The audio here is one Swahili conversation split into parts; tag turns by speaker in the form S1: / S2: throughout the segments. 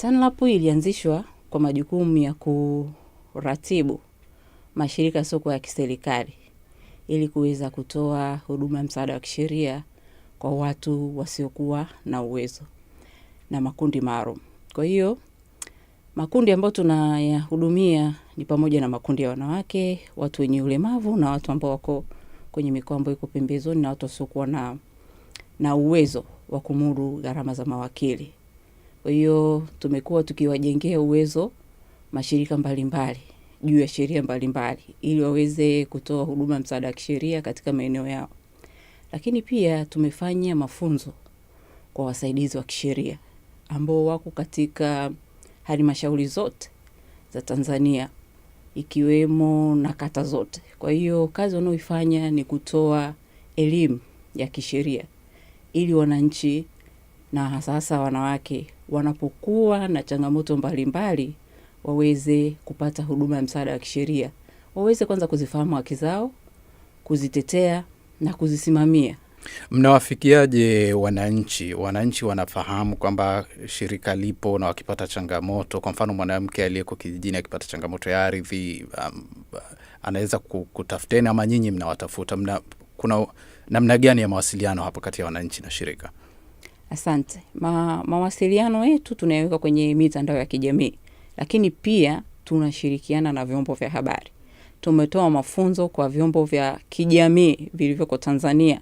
S1: TANLAP ilianzishwa kwa majukumu ya kuratibu mashirika soko ya kiserikali ili kuweza kutoa huduma ya msaada wa kisheria kwa watu wasiokuwa na uwezo na makundi maalum. Kwa hiyo makundi ambayo tunayahudumia ni pamoja na makundi ya wanawake, watu wenye ulemavu na watu ambao wako kwenye mikoa ambayo iko pembezoni na watu wasiokuwa na, na uwezo wa kumudu gharama za mawakili. Kwa hiyo tumekuwa tukiwajengea uwezo mashirika mbalimbali juu ya sheria mbalimbali ili waweze kutoa huduma msaada wa kisheria katika maeneo yao, lakini pia tumefanya mafunzo kwa wasaidizi wa kisheria ambao wako katika halmashauri zote za Tanzania ikiwemo na kata zote. Kwa hiyo kazi wanaoifanya ni kutoa elimu ya kisheria ili wananchi na hasa wanawake wanapokuwa na changamoto mbalimbali mbali, waweze kupata huduma ya msaada wa kisheria, waweze kwanza kuzifahamu haki zao, kuzitetea na kuzisimamia.
S2: Mnawafikiaje wananchi? Wananchi wanafahamu kwamba shirika lipo na wakipata changamoto, kwa mfano mwanamke aliyeko kijijini akipata changamoto ya ardhi, um, anaweza kutafuteni ama nyinyi mnawatafuta? Mna, kuna namna gani ya mawasiliano hapo kati ya wananchi na shirika?
S1: Asante. Ma, mawasiliano yetu tunayaweka kwenye mitandao ya kijamii, lakini pia tunashirikiana na vyombo vya habari. Tumetoa mafunzo kwa vyombo vya kijamii vilivyoko Tanzania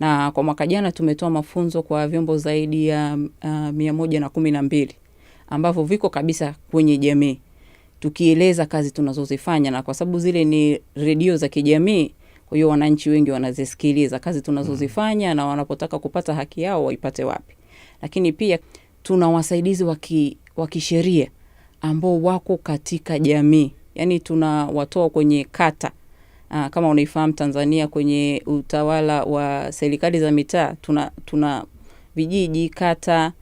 S1: na kwa mwaka jana tumetoa mafunzo kwa vyombo zaidi ya uh, mia moja na kumi na mbili ambavyo viko kabisa kwenye jamii tukieleza kazi tunazozifanya, na kwa sababu zile ni redio za kijamii hiyo wananchi wengi wanazisikiliza kazi tunazozifanya na wanapotaka kupata haki yao waipate wapi. Lakini pia tuna wasaidizi wa kisheria ambao wako katika jamii, yani tunawatoa kwenye kata. Aa, ah, kama unaifahamu Tanzania kwenye utawala wa serikali za mitaa tuna, tuna vijiji, kata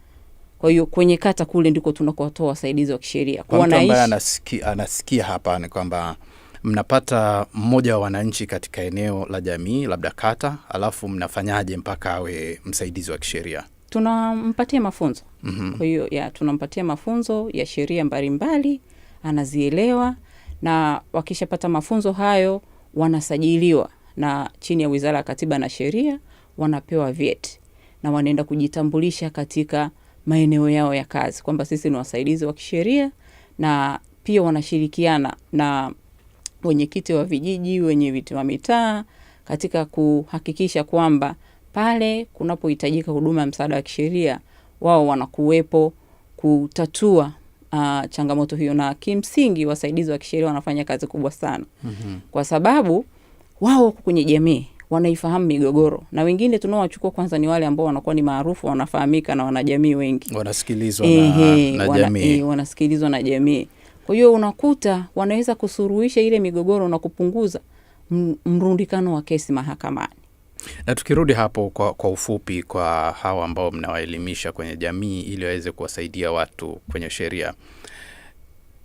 S1: kwa hiyo kwenye kata kule ndiko tunakowatoa wasaidizi wa kisheria.
S2: Kwa mtu ambaye anasikia, anasikia hapa ni kwamba mnapata mmoja wa wananchi katika eneo la jamii, labda kata, alafu mnafanyaje mpaka awe msaidizi wa kisheria?
S1: Tunampatia mafunzo mm -hmm. Kwa hiyo ya tunampatia mafunzo ya sheria mbalimbali, anazielewa na wakishapata mafunzo hayo wanasajiliwa na chini ya Wizara ya Katiba na Sheria, wanapewa vyeti na wanaenda kujitambulisha katika maeneo yao ya kazi kwamba sisi ni wasaidizi wa kisheria, na pia wanashirikiana na wenyekiti wa vijiji, wenye viti wa mitaa katika kuhakikisha kwamba pale kunapohitajika huduma ya msaada wa kisheria wao wanakuwepo kutatua uh, changamoto hiyo, na kimsingi wasaidizi wa kisheria wanafanya kazi kubwa sana mm -hmm. kwa sababu wao wako kwenye jamii, wanaifahamu migogoro, na wengine tunaowachukua kwanza ni wale ambao wanakuwa ni maarufu, wanafahamika na wanajamii wengi,
S2: wanasikilizwa na, na jamii,
S1: eh, wanasikilizwa na jamii kwa hiyo unakuta wanaweza kusuruhisha ile migogoro na kupunguza mrundikano wa kesi mahakamani.
S2: Na tukirudi hapo kwa, kwa ufupi kwa hawa ambao mnawaelimisha kwenye jamii ili waweze kuwasaidia watu kwenye sheria,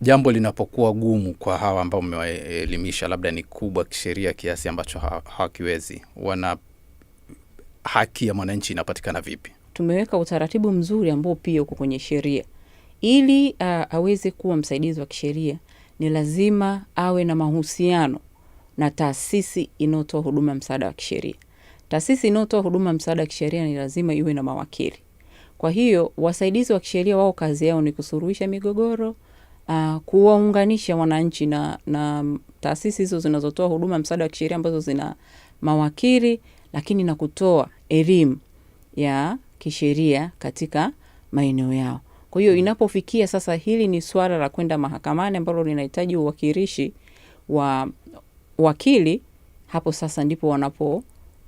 S2: jambo linapokuwa gumu kwa hawa ambao mmewaelimisha, labda ni kubwa kisheria kiasi ambacho hawakiwezi, wana haki ya mwananchi inapatikana vipi?
S1: Tumeweka utaratibu mzuri ambao pia uko kwenye sheria ili uh, aweze kuwa msaidizi wa kisheria ni lazima awe na mahusiano na taasisi inayotoa huduma ya msaada wa kisheria. Taasisi inayotoa huduma ya msaada wa kisheria ni lazima iwe na mawakili. Kwa hiyo wasaidizi wa kisheria wao kazi yao ni kusuluhisha migogoro, uh, kuwaunganisha wananchi na, na taasisi hizo zinazotoa huduma ya msaada wa kisheria ambazo zina mawakili, lakini na kutoa elimu ya kisheria katika maeneo yao. Kwa hiyo inapofikia sasa, hili ni swala la kwenda mahakamani ambalo linahitaji uwakilishi wa wakili, hapo sasa ndipo wanapo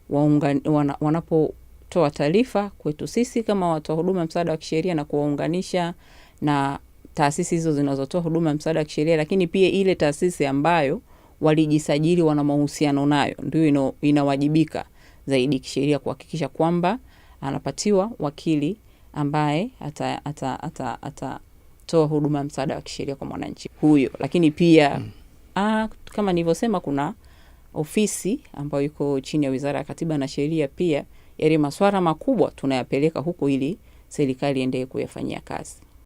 S1: wana, wanapotoa taarifa kwetu sisi kama watoa huduma msaada wa kisheria na kuwaunganisha na taasisi hizo zinazotoa huduma msaada wa kisheria, lakini pia ile taasisi ambayo walijisajili wana mahusiano nayo ndio inawajibika zaidi kisheria kuhakikisha kwamba anapatiwa wakili ambaye atatoa ata, ata, ata, huduma ya msaada wa kisheria kwa mwananchi huyo. Lakini pia mm. a, ah, kama nilivyosema kuna ofisi ambayo iko chini ya Wizara ya Katiba na Sheria, pia yale maswara makubwa tunayapeleka huko ili serikali endee kuyafanyia kazi.